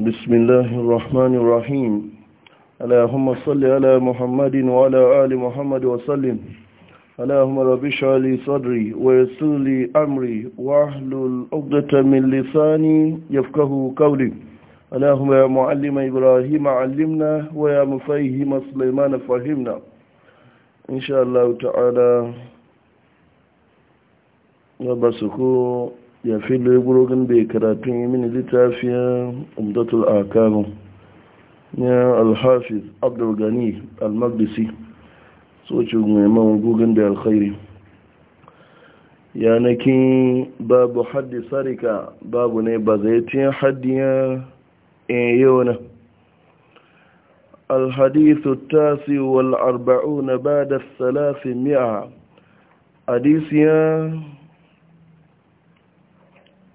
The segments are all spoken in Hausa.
بسم الله الرحمن الرحيم اللهم صل على محمد وعلى آل محمد وسلم اللهم رب اشرح لي صدري ويسر لي امري واحلل عقدة من لساني يفقهوا قولي اللهم يا معلم ابراهيم علمنا ويا مفهم سليمان فهمنا ان شاء الله تعالى وبسكو ya fi laigurogin da ya karatun yi mini littafiyan umdatul akamun ya alhafiz abdulgani almagdisi tsocin mai mawagogin da alkhairi yanakin babu haddi sarika babu ne ba zai tiyan haddiya in eh, yau na الحديث التاسع والأربعون بعد الثلاثمائة حديث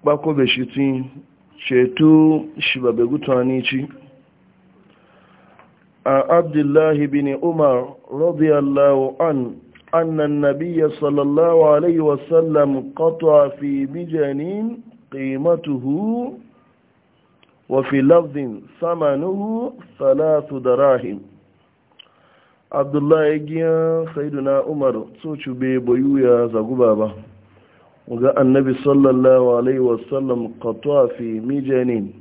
kpakobe shi ti ceto shi babe gutani ci a abdullahi bin umar radiyallahu an annan nabiya sallallahu alaihi wasallam kato fi bijanin qimatuhu wa fi lafzin samanuhu salatu rahim abdullahi giyan saiduna umar so cube boyu ya zagu baba ga annabi sallallahu alaihi wasallam katuwa fi mijanin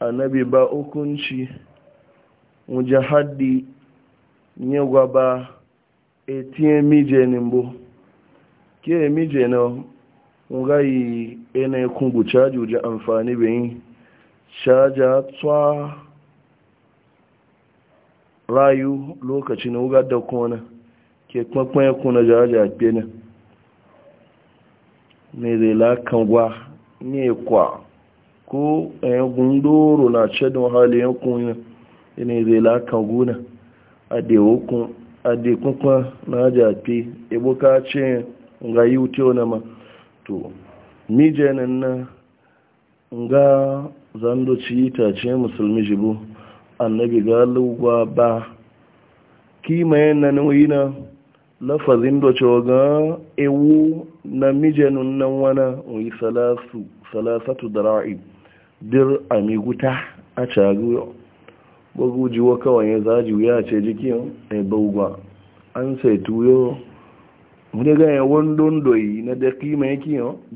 annabi ba hukunci wajen haddi ya gwaba etiye mijanin bu ke mijanin nga yi ene kungu caji uje amfani bayin caja tsawa rayu lokaci na wuga da kona ke kuma kuna jaja a na ne zai lakan gwa ne kwa ko ɗaya eh, gundoro na cedon hali kunya ne zai lakan guna a dekun na jafi ibu e ka ce ga yi wuce na ma to mije na ga zando ci ta ce musulmi jibu annabi ga lugwa ba kima yana nuna lafazin da cewa ga ewu na mijanun nan wana salasatu da ra'i dir amiguta a cagu bugu jiwa kawai ya zaji ya ce jikin e a an sai tuyo wani ganye wani dondoyi na da kima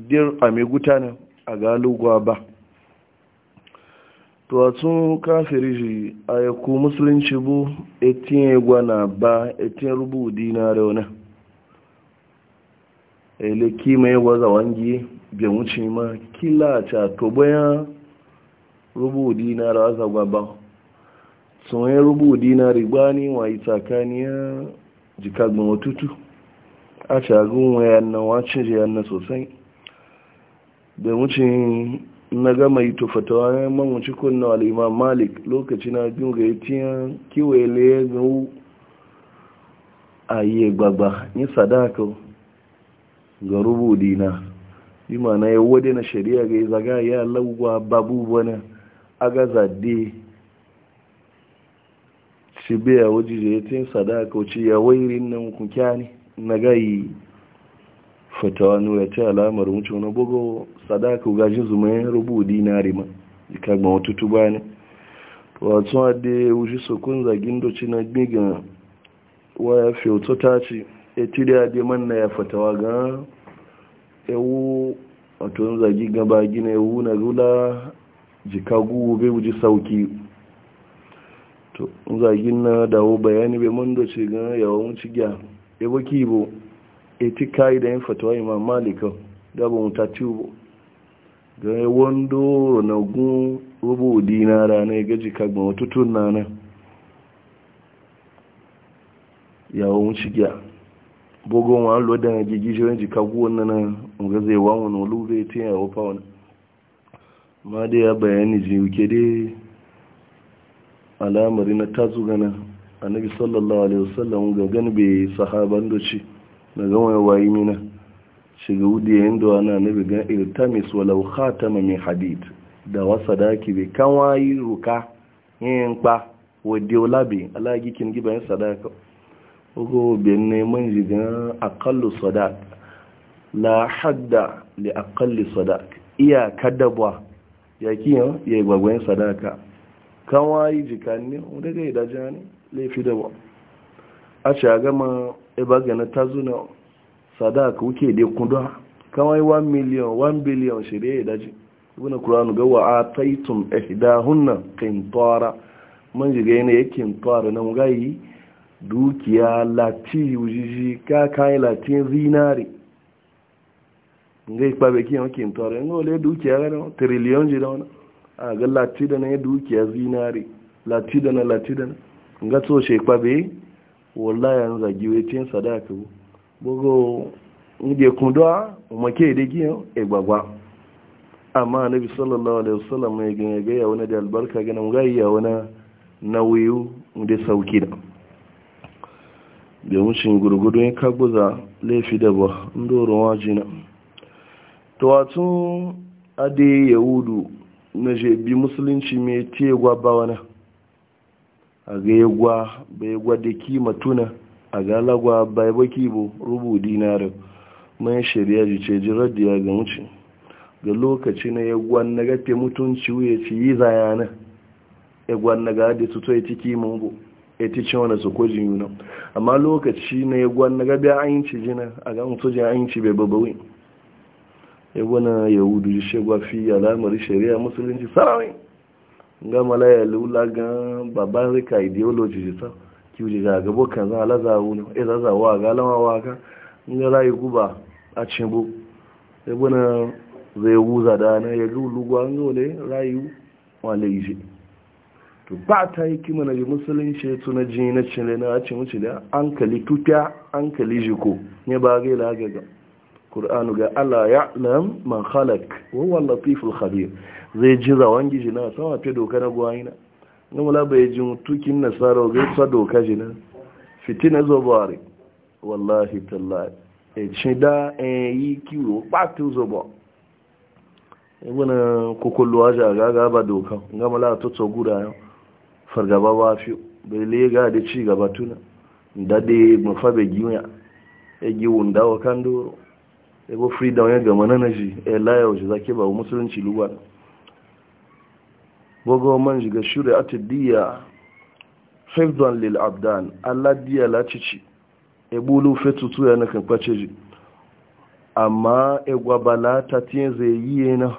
dir amiguta na a galugwa ba tuwatsun kafiri shi a yaku musulunci bu etinye na ba etinye rubu dinare wani eleki mai gwaza wangi biya wuce ma kila ta to bayan rubu dinare waza gwaba tsohon rubu dinare gbani wa itakaniya jikagbin otutu a shagun wayan nan wacin jiyan sosai na gama yi tufatawa ya man wuce kunna al'imam malik lokaci na biyu ga yi kiwaye laye ga wu a yi gbagba yi sadaka ga rubu na yi mana ya wade na shari'a ga yi zaga ya lagwa babu wani agaza de shi biya waje ya tin sadaka wuce ya wairin nan kunkya ne na gayi fatawa ya ce alamar wuce wani bugu sadaka gajin zumayen rubu dinari ma ika gba wata tuba ne wato ade wuce sokun zagin doci na gbiga waya fiyoto ta ce eti da ade man na ya fatawa ga ewu wato zagi gaba gina ewu na rula jika gugu bai wuce sauki to zagin na dawo bayani bai man doci ga yawon cigiya ebo kibo eti kayi da yin fatawa imam malika gaba mutu tubo ga wando na gun rubu dinara na gaji kagba watutun na na yawon shigiya bugun wa lo da gigi wani jika guwan na ga zai wani olu zai yi wa fawon ma da ya bayani ji ke dai alamari na tazu gana annabi sallallahu alaihi wasallam ga gani bai sahaban doci na gama ya wayi mina shiga wudi ya yin dawa na nabi gan irtamis walau khatama min hadid da wasa da ake bai kan wayi ruka yin kpa wa diolabi bi alagi kin giba yin sadaka ugo bin neman jigan akalli sadak la hadda li akalli sadak iya kadabwa ya kiyo ya yin sadaka kan wayi jikan ne daga idajani laifi da wa a ci a gama eba gana ta zuna sadaka wuke da kudu kawai 1 miliyan 1 biliyan shirya ya daji na kuranu ga wa a taitun ihidahunna kintara man jiga yana ya kintara nan gayi dukiya lati wujiji ka kayan lati zinari ngai kpabe ki yankin kintara yin wale dukiya ga dama triliyon ji wani a ga lati da na ya dukiya zinari lati da na lati da na nga so shekpabe wallahi an a wetin sadaka bugo ide kundwa umake da giyo e gbagba amma annabi sallallahu alaihi wasallam ya ganye ga ya wani da albarka ga nan gai ya wani nauyu da sauki da da wucin gurgudu ya kagbuza laifi da ba ndoron wajina to watun ade yahudu na jebi musulunci mai tegwa ba wani a ga yagwa bai matuna, a galagwa lagwa bai baki bu rubu dinarin mai shari'a ji ce ji ya ga wuce ga lokaci na yagwa na gafe mutunci wuye ci yi zayana yagwa na ga da su toye ciki mun bu ya ci cin wani su kwaji yuna amma lokaci na yagwa na gabe an ci jina a ga mutu ji an yi ci bai babawin yagwa na yahudu ji shagwa fi alamar shari'a musulunci sarawai nga malaya lula gan babban rika ideology ji sa kiwuje ga gabo kan za alaza wuna e za za wa ga lama wa ga nga rayu guba a cimbo e bana zai wuza da na ya lulu gwa ngo le rayu le ji to ba ta yi kima na ji ce tu na ji na cile na a cin wuce da an kali tuta an kali jiko ne ba ga ila ga Qur'anu ga Allah ya'lam man khalaq wa huwa al khabir zai ji zawon gishi na sama fi doka na guwa ina na mula bai ji tukin nasara zai sa doka ji na fitina zobari wallahi tallahi e ci da e yi kiwo patu zobo e wani kukulluwa ji a gaga ba doka ga mula a tutsa gura yau fargaba ba fi bai ga da ci gaba tuna da mafa bai giwa e giwun dawa kan doro ego freedom ya gama na naji e layau ji zaki ba musulunci lugwa gogo man shiga shari'atu diya hifdhan lil abdan Allah diya la cici e bulu fetutu ya na kan kwace ji amma e gwabala ta tin zai yi na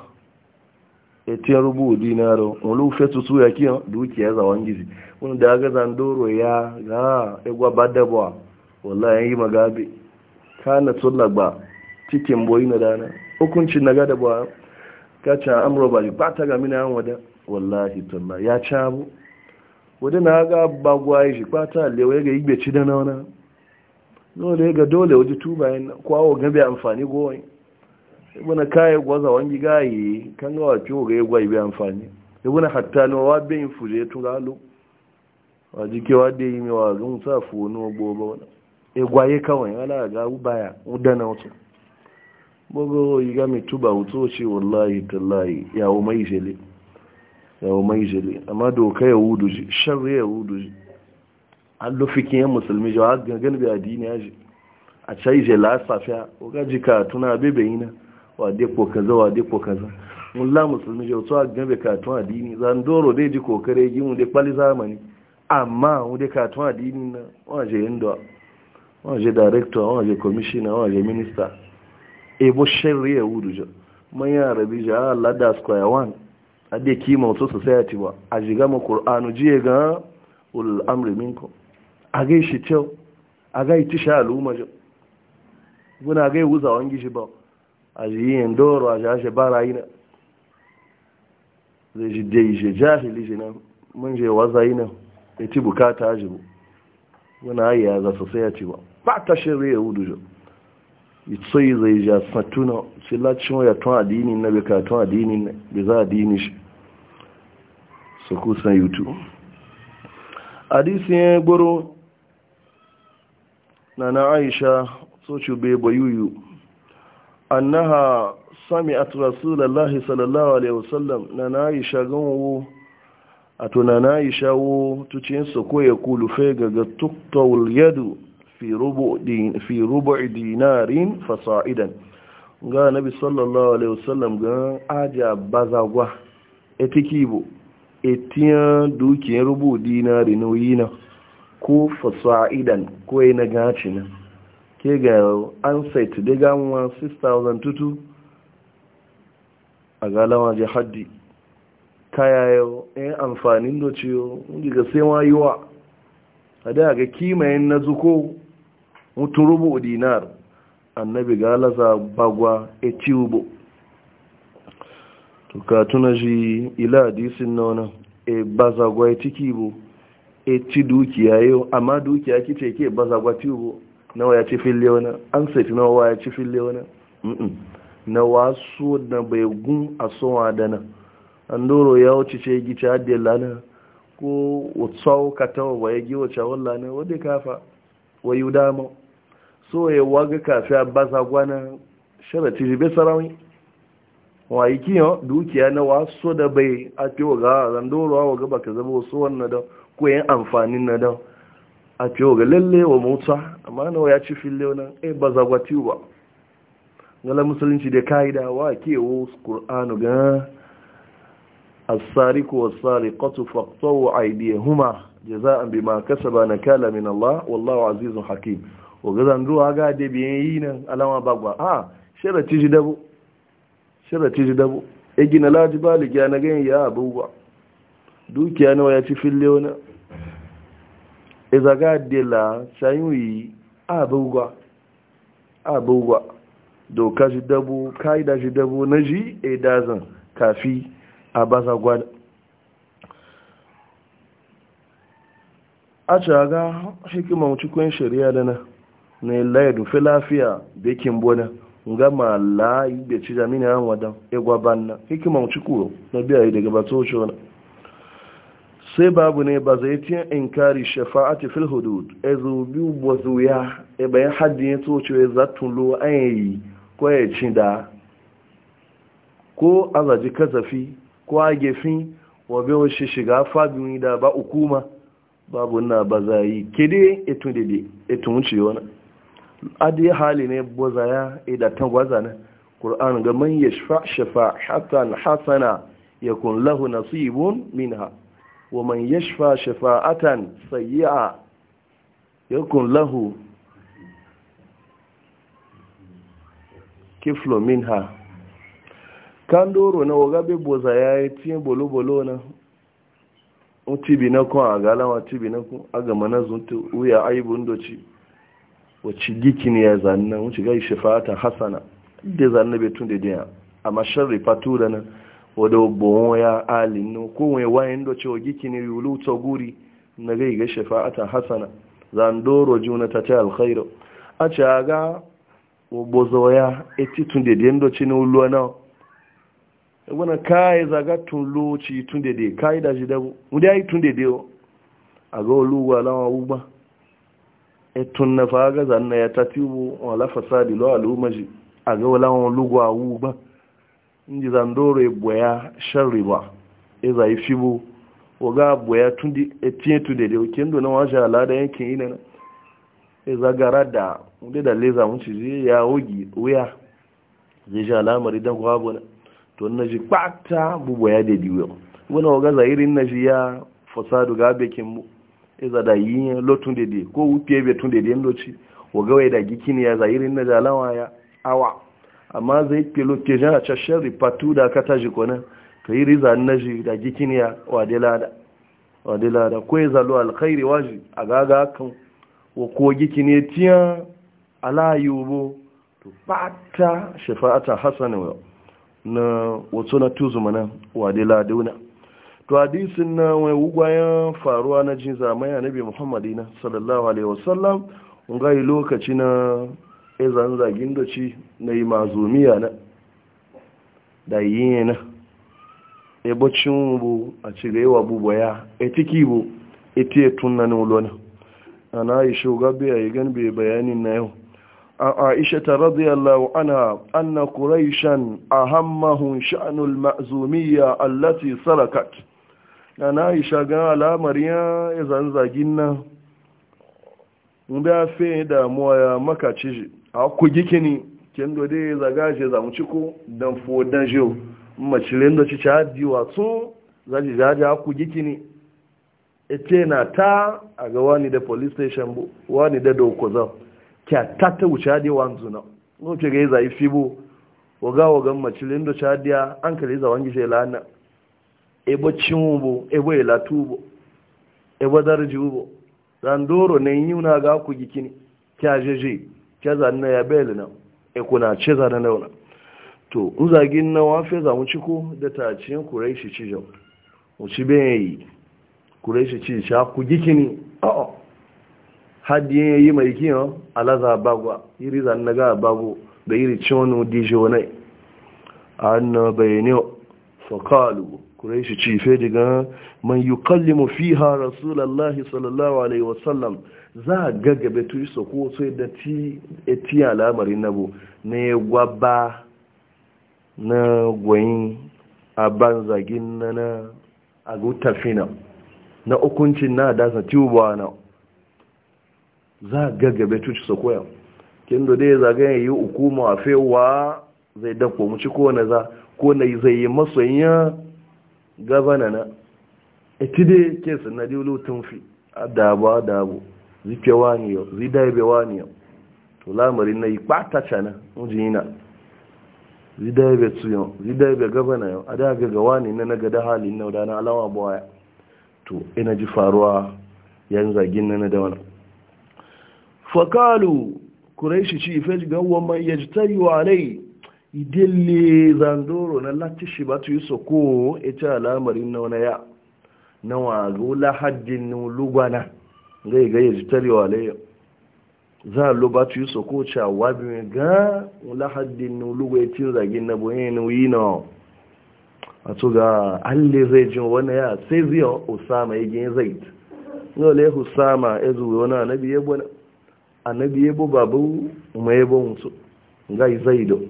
e tin rubu dinaro ulu fetutu ya kiyan dukiya za gizi wani da ga zandoro ya ga e gwabada ba wallahi yi magabe kana tsullaba cikin boyi na dana hukuncin na gada ba kacha amro ba ba ta ga mina wada wallahi talla ya cabu wadda na ga bagwaye shi kwata lewa ya ga igbe ci da na wana dole ga dole waje tuba yin kwawo gabe amfani gowai ibuna kayan gwaza wangi gayi kan gawa ciwo ga ya gwaye bai amfani ibuna hatta e na wa bai yin fuje tun galo a jikewa da yi mewa zun sa funo gobe wani ya gwaye kawai ala ga baya udana wasu gbogbo yi ga mai tuba wuto ce wallahi tallahi yawo mai shele yau mai jiri amma doka ya wudu ji sharri ya wudu ji an lufikin yan musulmi jawa gangan bi adini ya ji a cai je la safiya o ga jika tuna bebe yina wa de ko kaza wa de ko kaza mulla musulmi jawa to a bi ka tun adini zan doro dai ji kokare yi mu dai kwali zamani amma mu dai ka tun adini na wa je indo wa je director wa je commissioner wa je minister ebo bo sharri ya wudu ji manyan ya rabi ja Allah da square one ade kima wato society ba a jiga ma qur'anu ji ga ulul amri minko. a gai shi cew a gai tisha al'umma jo guna gai wuza wangi shi ba a jiyin doro a jashe bara yi na zai ji dai je jahili shi na mun je waza yi na ya ti bukata ji bu guna ya ga society ba ba ta shirya wudu jo sai zai ja satuna sai lacin ya tun adini na bai ka tun adini na bai za adini shi su kusan youtube adisiyan gboro na na aisha soci bai sami annaha sami'at rasulullahi sallallahu alaihi wasallam na na aisha ganwo a tunana aisha wo tucin su ko ya kulufe ga ga tuktawul yadu fi rubu dinarin fasa'idan ga nabi sallallahu alaihi wasallam ga aja bazagwa etikibo etiyan dukiyar rubu dinari nauyi na ko fasa'idan ko yana gaci na ke ga an sait daga nwa 6,000 a galawa ji haddi kaya yau yan e amfanin da ciyo ga sai wa yi wa a da ga kimayen na zuko mutu rubu dinar annabi ga bagwa e ciwo to ka tuna shi ila hadisin na wani e bazagwa e ciki bu e ci dukiya yau amma dukiya kice ke bazagwa ciwo nawa ya ci fili wani an sai nawa ya ci fili wani na wasu na bai gun a sowa da nan an doro ya wuce ce gice hadiyar lana ko wutsau katon wa ya giwace wallah ne wadda kafa wayu damu. so ya waga kafi abasa gwanan sharati ribe sarawi wa yi kiyo dukiya na waso da bai a wa ga randorowa wa gaba ka zama wasu wannan don ko yin amfanin na don a wa ga lalle wa mota amma na ya ci fili wani ai eh, ba zagwati ba gala musulunci da ka'ida wa ke wo ƙur'anu ga asari ko asari ƙatu faktawo aidiyahuma jaza'an bi ma kasaba na kala min Allah wallawa azizun hakim oga zanduwa ga da biyan yi nan alama bagwa a shirar ji dabo sharaci ji dabo e gina laji baligi na ganyen ya abubuwa dukiya nawa ya ci fille wani e zaga da la shayuyi abubuwa abubuwa doka ji dabo ka'ida ji dabo na ji e dazan kafi a basa gwada a ga hikimar cikin shari'a da na na laye dufe lafiya da yake bona nga ma la ibe ci jamini an wadan egwa banna hikima mu cikuro na biya yi daga bato ci wani sai babu ne ba zai tiyan inkari shafa'ati fil hudud ezu biyu bo zuya e bayan haddin ya toce ya e zattun lo an yi ko ya ci da ko azaji kazafi ko a gefi wa biyo shi shiga fabin da ba hukuma babu na ba zai yi kede etun dede etun wuce wani adi hali ne boza ya idatan gwaza ne ƙur'an ga man ya shafa hatan hasana ya kun lahu nasibun minha wa man ya shafa shafa'atan sayi'a ya kun lahu kiflo minha kan doro na bi boza ya yi tiye bolo-bolo na tibi na kun a galawa tibi na kun a gama na zunta uya aibun doci wacce gikin ya zanna wacce gai shifata hasana da zanna bai tun da diya amma sharri fatu da nan wadda gbogbo ya alin nan kowai wayan da cewa gikin ya yulu ta guri na gai ga shifata hasana zan doro juna ta ta khairu a ce ga gbogbo zoya eti tun da diya da cin ulu na wani kayi zaga tun loci tun da diya kayi da shi dabo wanda ya yi tun da diya a ga oluwa lawa ugba tun na faga zanna ya tafi wala fasadi lo alumaji a ga wala wani lugwa wu ba inji zandoro e ya boya sharri ba ya e zai e fi bu waga boya tun di etiye tu da yau kin dona waje ala da yankin ina na ya zagara da wanda da leza mun ci ya wogi wuya zai ji alamari dan kwa bona to na ji kwata bu boya da diwo wani waga zairin na ji ya fasadu ga bekin mu iza da yi lotun dede ko wufiye bai tun dede yandoci wagawai da gikini ya zahirin na jalawa ya awa amma zai fi loke jan a cashen ripatu da aka taji kone ka yi riza na ji da gikini ya wadela da ko ya zalo alkhairi waji a gaga kan ko gikini tiya alayu bo to bata shafa'ata hasanu na wato na tuzu mana wadela dauna to hadisin na wai wugwayan faruwa na jin zamai nabi muhammadi na sallallahu alaihi wasallam ngai lokaci na izan zagin doci na yi mazumiya na da yi na e bacci bu a cirewa bubu ya etiki bu ete na ulona ana yi shugabe a yi ganbe bayanin na yau عن عائشة رضي الله عنها أن قريشا أهمهم sha'anul المأزومية allati sarakat da na aisha gan alamariya ya zanzagin nan mbe a fe muwa ya makaci a ku gikini kin do dai zaga je za mu ciko dan fo dan je macilen da ci ta diwa so za ji jaja ku gikini ete na ta a ga wani da police station bu wani da doko za kya ta ta wuce da wanzu na Ko ce ga yi zai bu waga wagan macilen da ci ta an kare za wangi je lana ebo cinwubo ebo elatubo ebo darjubo zandoro doro yi na ga ku gikini kya jeje kya zanna ya bele na e kuna ce zana na wana to in zagin na wafe za mu ci ko da ta cin kuraishi ci jau mu ci be yi kuraishi ci sha ku gikini a a hadiye yi mai kiyo alaza bagwa iri zanna ga bago da iri ciwonu dijo ne an bayani fakalu kureshi cife fe diga man fi ha rasulallah, sallallahu alaihi wasallam za ga gabe tu so ko sai da ti eti nabu na ya gwaba na gwayin a banzagin na na agutafina na hukuncin na da tuba na za ga gabe tu so koya kin do dai zagayen yi hukuma a fewa zai dako mu ci ko na za ko na zai yi masoyin gabana na etide ke sanadi lutun fi adabu adabu zikewa ni zidai be wani yau. to lamarin na ipata cana ujina zidaibe zidai be gabana yo Adaga ga wani na naga da halin na da na alawa baya to ina ji faruwa yan zagin na na da wani fakalu quraishi ci fej gawwa man yajtari wa alai idille zandoro na latishi ba tu yi soko ita al'amarin na wani ya na wazo lahajin lugwana gai gai ji tarewa layo za a lo ba tu ko soko cewa bi ga lahajin lugwa ya cin zagin na boye na yi na a to ga alle zai jin wani ya sai zai usama ya gini zai ga le usama ya zuwa wani anabi ya bu anabi ya bu babu mai ya bu mutu ga zai do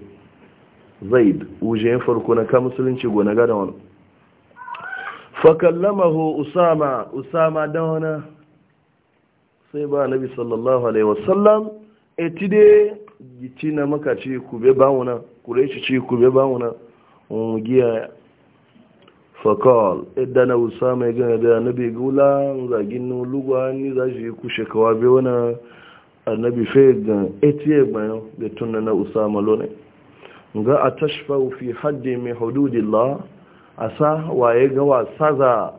zaid wujen farko na ka musulunci gona gada wani fakallamahu usama usama da wani sai ba nabi sallallahu alaihi wasallam etide gici na makaci kube bawuna shi ci kube bawuna ungiya fakal idan e, na usama ya gana da nabi gula zagin lugwa ni za shi ku kawa bi wani annabi fe ga etiye bayan da tunna na usama lonai ga a tashfa fi haddi mai la a sa waye ga wasa za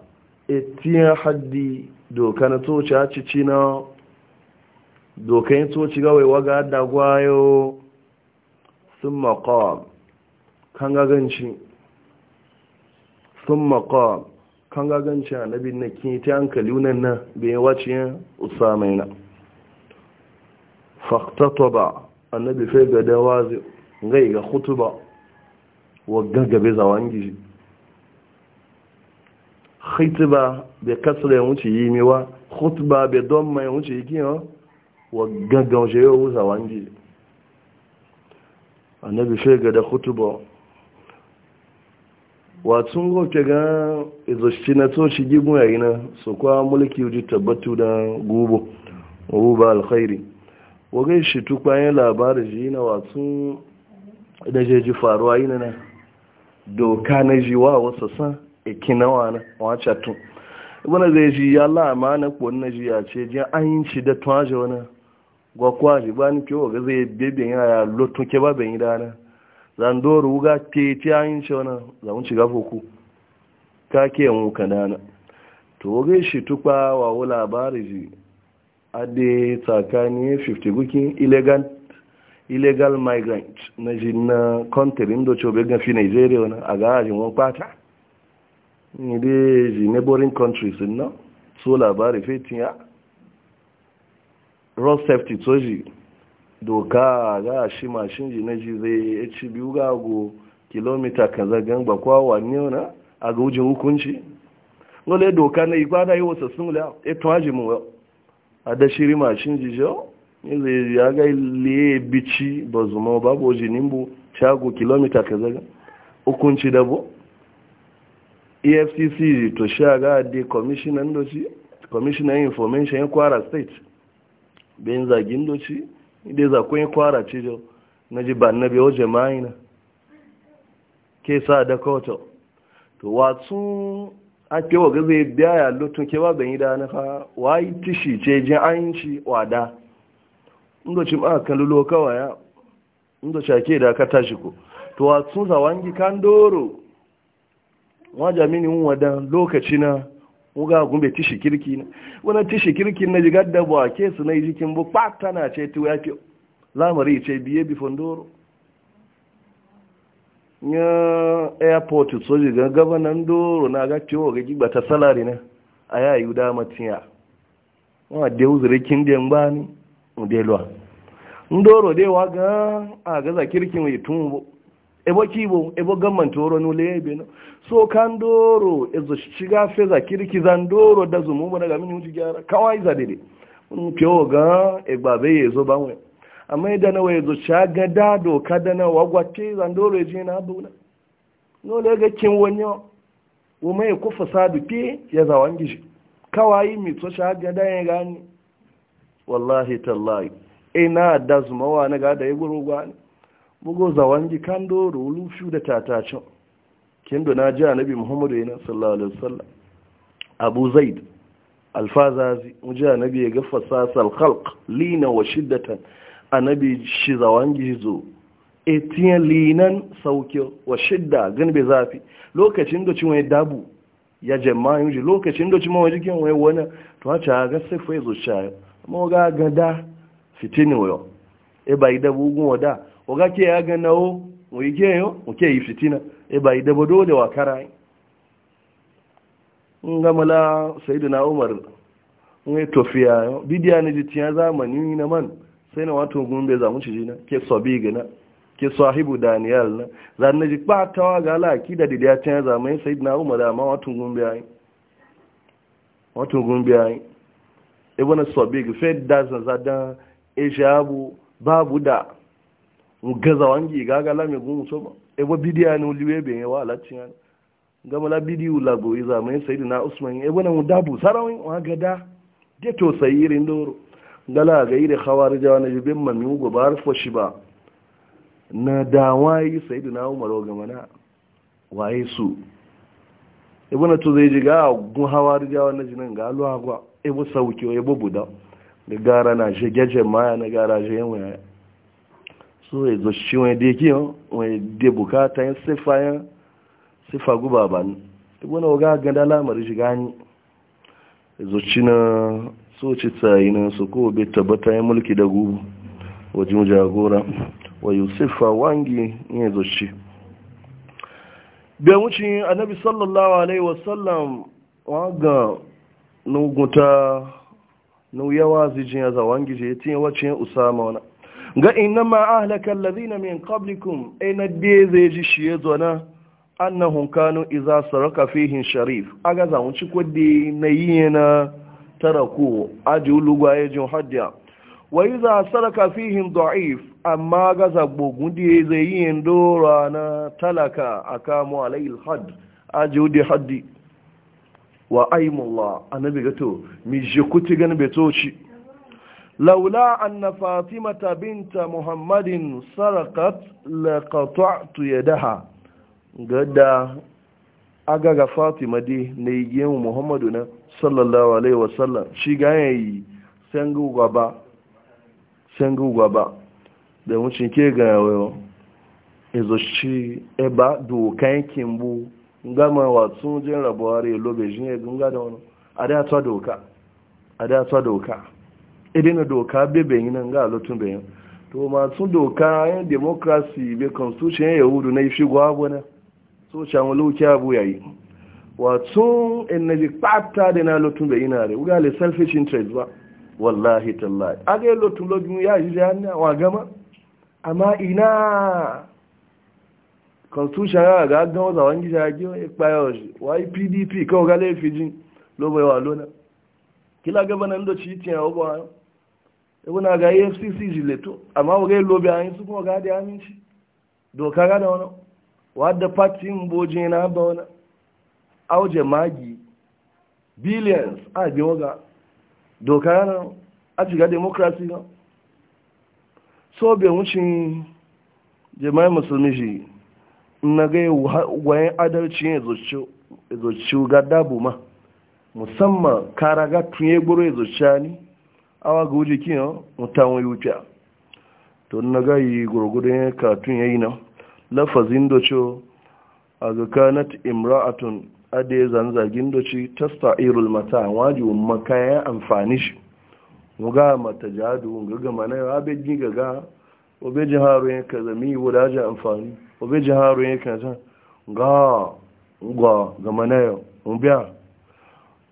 etiyan haddi doka na toci a cici na dokan toci ga waiwa ga dagwayo sun makon kan gaganci sun makon kan gaganci a nabin na kinta hankali nan na bayan waciyan usamaina faktatoba annabi fai ga dawazi ngai ga khutuba wa gaggabe zawangi shi khitba be kasra ya wuce yi miwa khutba be domma ya wuce yi kiyo wa gaggawa shi yau zawangi annabi shega da khutuba watsun goke ga izo izoshi na toshi ya yi na su kwa mulki uji tabbatu da gubo ruba alkhairi wagai shi tukwayen labarin shi na watsun da je faruwa yi na doka na ji wa wasu san ikinawa na wace tun wani zai ji ya la'ama na kwan na ji ya ce ji an yi shi da tuwaje wani gwakwa ji ba ni kewa ga zai bebe ya ya lotun ke ba ben zan zandoro wuga ke ti an yi shi wani ci shiga foku ka ke mu kanana to ga shi tukpa wa labari ji ade tsakani 50 gukin ilegan illegal migrant na ji na country ndo chobe ga fi nigeria wani a ga ajin wani kwata ni dai ji neighboring countries na so labari fetin ya road safety to ji doka ga shi mashin ji na ji zai ci biyu ga go kilomita kaza gangba kwa wani na. a ga wujin hukunci ngole doka na igba da yi wasa sun wula eto ajin mu a da shiri mashin ji jau zai ya ga liye bici ba zuma babu jinin bu kilomita ka zaga hukunci efcc to sha ga di commissioner doci commissioner information ya kwara state bin zagin doci da kwara cijo na ji ba na biyo jama'i na ke sa to watsu a kewa ga zai biya ya lotun kewa ban yi da na fa wa yi tishi ce jin an shi wada ndo ci ba kalulo ya ndo shake da ka tashi ko to a tun zawangi kan doro wa jami'in mun wadan lokaci na muga gumbe tishi kirki na wannan tishi kirki na ji da ba ke su na jikin bu fata na ce tuwa ke lamari ce biye bi fondoro ya airport so ga gabanan doro na ga ciwo ga gigba ta salari na a yayi da matiya wa deuzurikin ba ni? ndelwa ndoro dewa ga a gaza kirkin mai tumbo ebo kibo ebo gamman toro nule ebe na so kan doro ezo shiga feza kirki zan doro da zumu mu daga min hutu gyara kawai za dede mun fiyo ga egbabe yezo banwe amma idan na waye shaga da doka da na wagwace zan doro je na abuna nole ga kin wonyo wo mai ku fasadu ke ya zawan gishi kawai mi to shaga da ya gani wallahi tallahi ina da wa na ga da ya guru gwani mugo ji kan doro lufiu da tatacin do na ji annabi muhammadu yana sallallahu alaihi wasallam abu zaid alfazazi Mu ji annabi ya ga sasal khalq lina wa shiddatan annabi shi ji zo etiyan linan sauki wa shidda gan be zafi lokacin da cin wani dabu ya jama yuji lokacin da cimma wajen wai wani to haca ga sai fa zo cha amma ga ga da fitini yo e ba ida bugun wada o ga ke ya ga nawo o yi ke yo o ke yi fitina e ba ida bodo da karai. nga mala sayyidina umar ngai tofiya bidiya ne ji tiya zamani na man sai na wato gumbe za mu ci jina ke sobi gina ke sahibu daniel na zan na ji kpatawa ga alaki da didi ya can zamani sai na umar ma watan gumbi ayi watan gumbi ayi ibn e sabig fed da zan zada ishabu babu da e gaza wangi gaga lami gumu so ba ebo bidiya ne uliwe be wa alacin yana gama la bidiyu la goyi zamani sai na usman ebo na mudabu sarawin wa gada je to sayirin doro gala ga ire khawarijawa na jibin mamu gobar foshi ba na dawayi sai da na umar ga mana waye su ibn to zai ji ga gun hawa rija wannan jinan ga alwa gwa sauki sauke ebo buda da gara na shigeje ma na gara je yan waya so e zo shi wani da yake wani da bukata yin sifayen sifa guba ba. ni ibu na ga ganda lamar shiga ni e zo shi na so ci tsayi na su ko bai tabbata yin mulki da gubu wajen jagora wa yusufa wangi ne zoci biyan wuce annabi sallallahu alaihi wasallam waga nuguta nuyawa zijin ya zai je tinye wacce usama wana ga ina ma ahlaka allazina min A na de zai ji shi ya zona annahum hunkanu iza saraka fihin sharif aga za mu na yi na yina taraku aji ya jin hadda wa a saraka fihin da'if amma ga zagbo gundi zai yi yin dora na talaka a kamo alayil hajji a jiudi haddi wa a annabi gato mi shekuti gani betoci laula anna fatimata binta muhammadin sarakat laqata'tu yadaha gada aga ga fatima dai na yi muhammadu na sallallahu alaihi wasallam shi ga yayi sangu gaba sangu gaba da wucin ke ga yawo izo shi eba dokan kimbu gama watsun jin rabuwari lobe shi ne gunga da wani a doka a doka e idina doka bebe yi nan ga lotun bayan to masu doka yin demokrasi bai constitution yahudu na ifi gwagwa na so can wuluki abu yayi watsun inaji pata ji kpata da na lotun bayan na rai wuga selfish interest ba wallahi tallahi aga lotun lobin ya yi jihanna wa gama amma ina constitution ya ga gan wa wan gida gi wa ikpayo wa PDP gaa ga le fiji lo boy wa lona kila ga banan do chi tiya o ga EFCC jile ga lo bi an su ko ga da aminci doka ga da wono wa na ba wono auje magi billions a bi oga doka na a so bai wucin jama'i musulmi shi na gai wayan adalci ya zoci ga dabu ma musamman kara ga tun ya gburu ya zoci ni awa ga wuce kiyo mutawan wuce to na gai gurgudun ya katun ya yi nan lafazin doce a ga kanat imra'atun adai zanzagin doci ta sta'irul mata wajen makayan amfani shi muga mata jihadu gaga mana ya abe ji gaga obe jiharu ya kaza mi wuda ji amfani obe jiharu ya kaza ga ngwa ga mana ya umbiya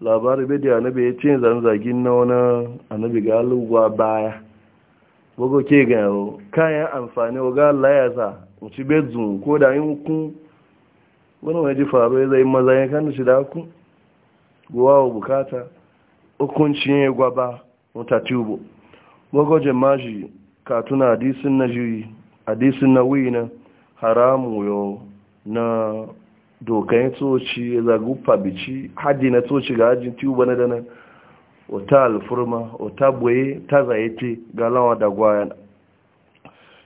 labari be da anabi ya ce zanzagin na wani anabi ga alugwa baya bugu ke ga yau kayan amfani ga Allah ya sa mu ci bezun ko da yin hukun wani wani ji faru ya zai maza ya kan shi da ku gowa bukata hukuncin ya gwaba wata tubo bogoje maji katuna hadisin na juyi hadisin na wina haramu yo na dokan tsoci zagufa bici hadina na tsoci ga hajjin tubo na dana wata alfurma wata boye ta zayete ga lawa da na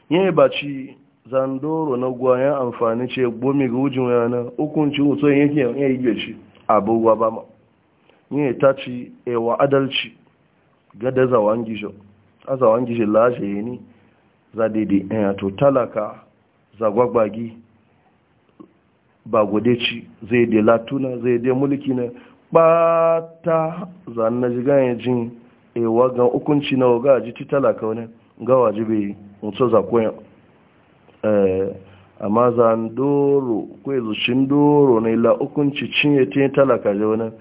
yin baci zandoro na gwayan amfani ce gomi ga wujin yana hukuncin wuton yake yin yi shi abubuwa ba ma yin ta ci ewa adalci gada zawon gisho a zawon gisho lashe ne za daidai ɗaya eh, to talaka zagwagwagi ba godeci zai dai latuna zai dai mulki na ɓata zanen ganyen jin ewa eh, ga hukunci na waga ji ti talaka wani ga bai mutu zakoyan eh, amma zan doro kwai zushin doro na ila hukunci cinye ta talaka ji wani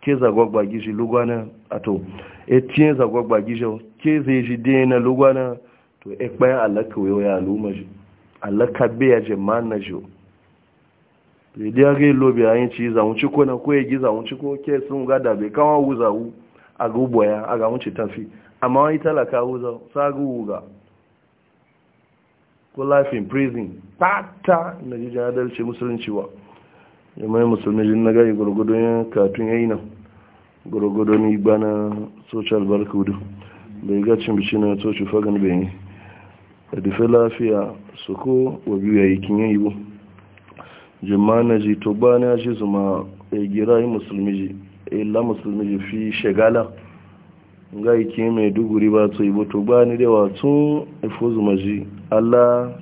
ke zagwagba gishi lugwana ato etinye zagwagba gishi ke zai e ji na lugwana to e kpaya alaka wayo ya aluma ji alaka biya je mana ji redi ya e gai lobe a yin ci zawun ciko na ko ya gi zawun ciko ke sun gada be kawo wuza wu a ga uboya a ga wuce tafi amma wani talaka wuza sa ga wuga ko life in prison ta ta na jijin adalci musulunci wa mai musulmi jin na gari gurgudu ya katun yi nan gurgudu ni bana social barkudu bai ga cin bici na toci fagan bai yi da dufe lafiya su ko wa biyu yi kinye yi bu jimana ji to na ji zuma ya e gira yi musulmi ji illa e musulmi ji fi shagala ga yi kinye mai duguri ba to yi bu to bani da dawa tun ifo e zuma ji allah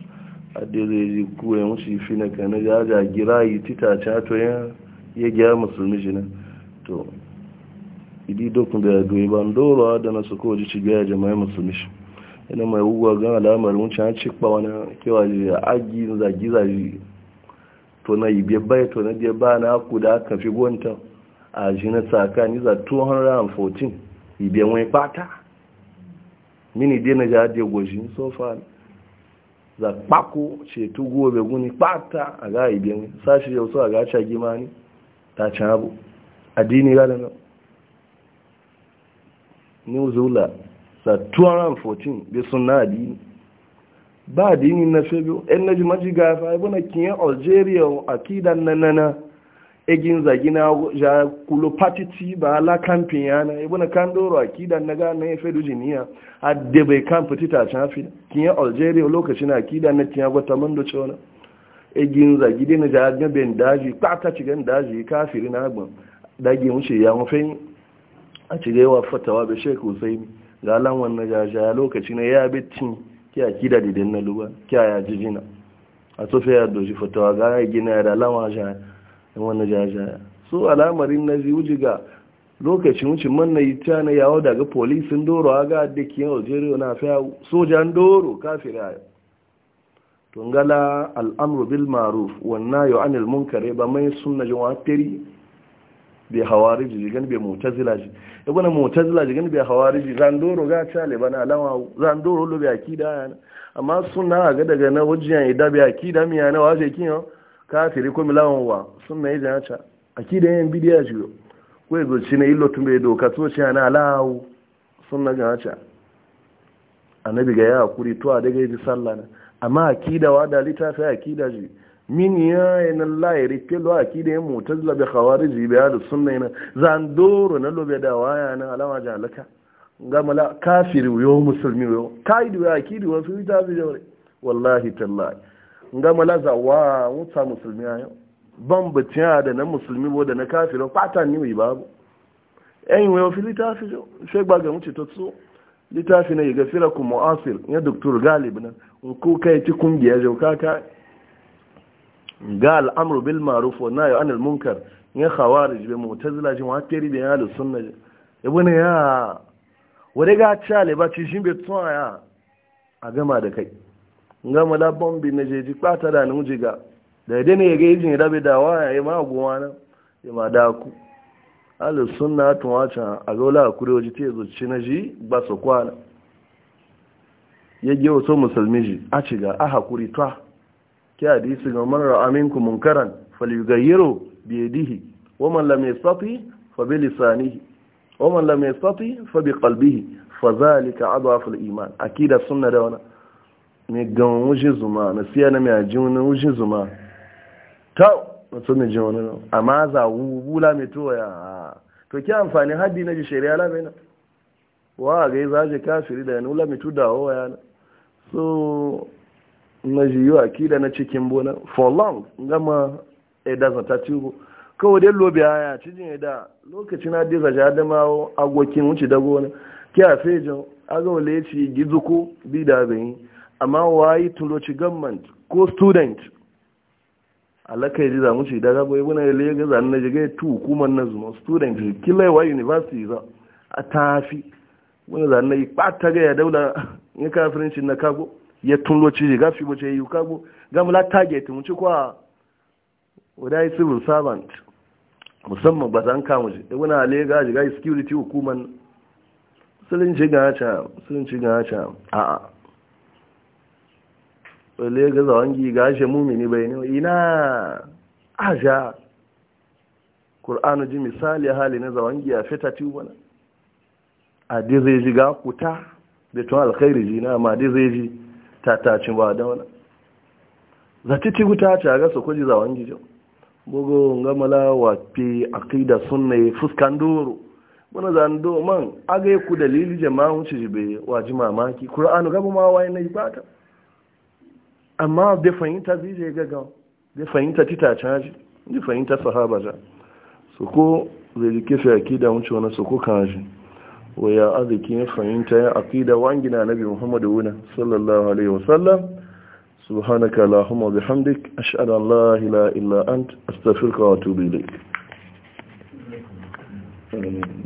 adere kuwa ya mushi fi na kana gaja gira yi tita cato ya ya gya musulmi shi na to idi dokun da ya ban doro da na suko ji ci gaya jama'ai musulmi shi ina mai ugwa gan al'amarin wuce an cikpa wani kewa ji agi zagi zagi to na yi bai to na biya na aku da aka fi gwanta a ji na tsakani za 214 ibe biya wani fata mini dai ja adiya gwajin sofa ne za kpako ce tuguwa bai guni kpata a ga ibe ne sashi yau so a ga cagi ma ni ta can abu addini ga da nan new zealand za 214 bai suna addini ba addini na febe yan na jimaji gafa ibi na kiyan algeria akidan nanana egin zagi na ja patiti ba ala ya na ibu na kan doro akida na ga na efe dujiniya a debe kampi kan fitita can fi kiyan algeria lokacin akida na kiyan gwata mando cewa egin zagi dai na ja gaben daji kwata cigan daji kafiri na agban dagi wuce ya mafi a cigewa fatawa bai shek husaini ga alan wannan jaja lokaci na ya bitin ki akida didin na luba ki a jijina a tofe ya doji fatawa ga gina ya da alan wajen wani jajaya so alamarin na ziwujiga lokacin wucin manna yi ta na yawo daga polisin doro a ga da kiyan algeria na fiya sojan doro kafira tungala al'amru bil maruf wannan yau ilmun kare ba mai suna jin wafiri bai hawari ji gan bai zila ji yabo mota mutazila ji gan bai hawari ji zan doro ga cale na alama zan doro lo bai akida yana amma a ga daga na wajiyan ida bai akida miya na wajen kiyan kafiri ko milawan wa sun na yi janaca a kidan yin bidiya shi ko yanzu shi na ilo tun bai doka so shi ana alawu sun na a na ga ya kuri to a daga yi sallah na amma kida wa da littafi kida ji min ya yi na lo a kida yin motar labe hawari ji bai da sunna na zandoro na lobe da waya na alama jalaka gamala kafiri yau musulmi yo kaidu ya kidi wasu littafi da jaure wallahi tallahi nga malaza wa mutsa musulmi ayo ban batiya da na musulmi bo da na kafiro fatan ni babu en we fi litafi jo she gbaga mu to tso litafi ne yiga fira ku mu'asir ya doktor galib na ku kai ti kungiya jo kaka gal amru bil ma'ruf wa nahy anil munkar ya khawarij be mu'tazila jin wa teri be ahlus sunna ibn e ya wore ga chale ba ci shin be tsaya a gama da kai ngama la bombi na jeji kpata da nan jiga da dai ne ga yijin rabe da waya ya ma gowa na ya ma da ku al sunna to wacha a gola kure waje te zo ci na ji ba su kwana yage wato musulmi ji a ci ga a hakuri ta ki hadisi ga man ra'a minkum munkaran falyughayyiru bi yadihi wa man lam yastati fa bi lisanihi wa man lam yastati fa bi qalbihi fa zalika adwaful iman akida sunna da wannan mai gawan wujin zuma na siya na mai ajin wani wujin zuma ta wato mai jin wani amma za wula mai toya to ki amfani haddi na ji shari'a lamai na wa ga yi zaje kafiri da yana wula mai tuda wa yana so na ji yiwa kida na cikin bola for long gama eda ta tubo kawai dai lobe haya cikin eda lokacin haddi zaje adamawa agwakin wuce dago wani ki a fejin aga wale ci gizuko bi da abin amma wayi tuloci government ko student alaka yaji za mu ci daga bai wuna ya ga zan na jiga ya tu hukumar na zuma student kila wa university za a tafi buna zan na yi kwata ga ya daula ya kafirinci na kago ya tuloci ji gafi mu ce yi kago ga mu la target mu ci kwa yi civil servant musamman ba zan kamu ji da wuna ga ji ga security hukumar musulunci ga ta musulunci ga ta a'a wale ga zawangi gashe mumini bai ne ina aja ƙur'anu ji misali hali na zawangi ya fita tubana a adi zai ji ga kuta da tun alkhairi ji na ma dai zai ji tatacin ba da wani zati ti guta ta ga su kuji zawangi jau bugu ngamala wa fi aqida sunna fuskan doro wani zando man aga ku dalili jama'a wuce jibe wa ji mamaki ƙur'anu gaba ma wayan na ibata amma da fahimta zai je gaggawa da fahimta titacen haji da fahimta sahaba ja su ko zai rike fi akida wuce wani su ko kan wa ya arziki ya fahimta ya akida wangina nabi muhammadu wuna sallallahu alaihi wasallam سبحانك اللهم وبحمدك أشهد أن لا إله إلا أنت أستغفرك وأتوب إليك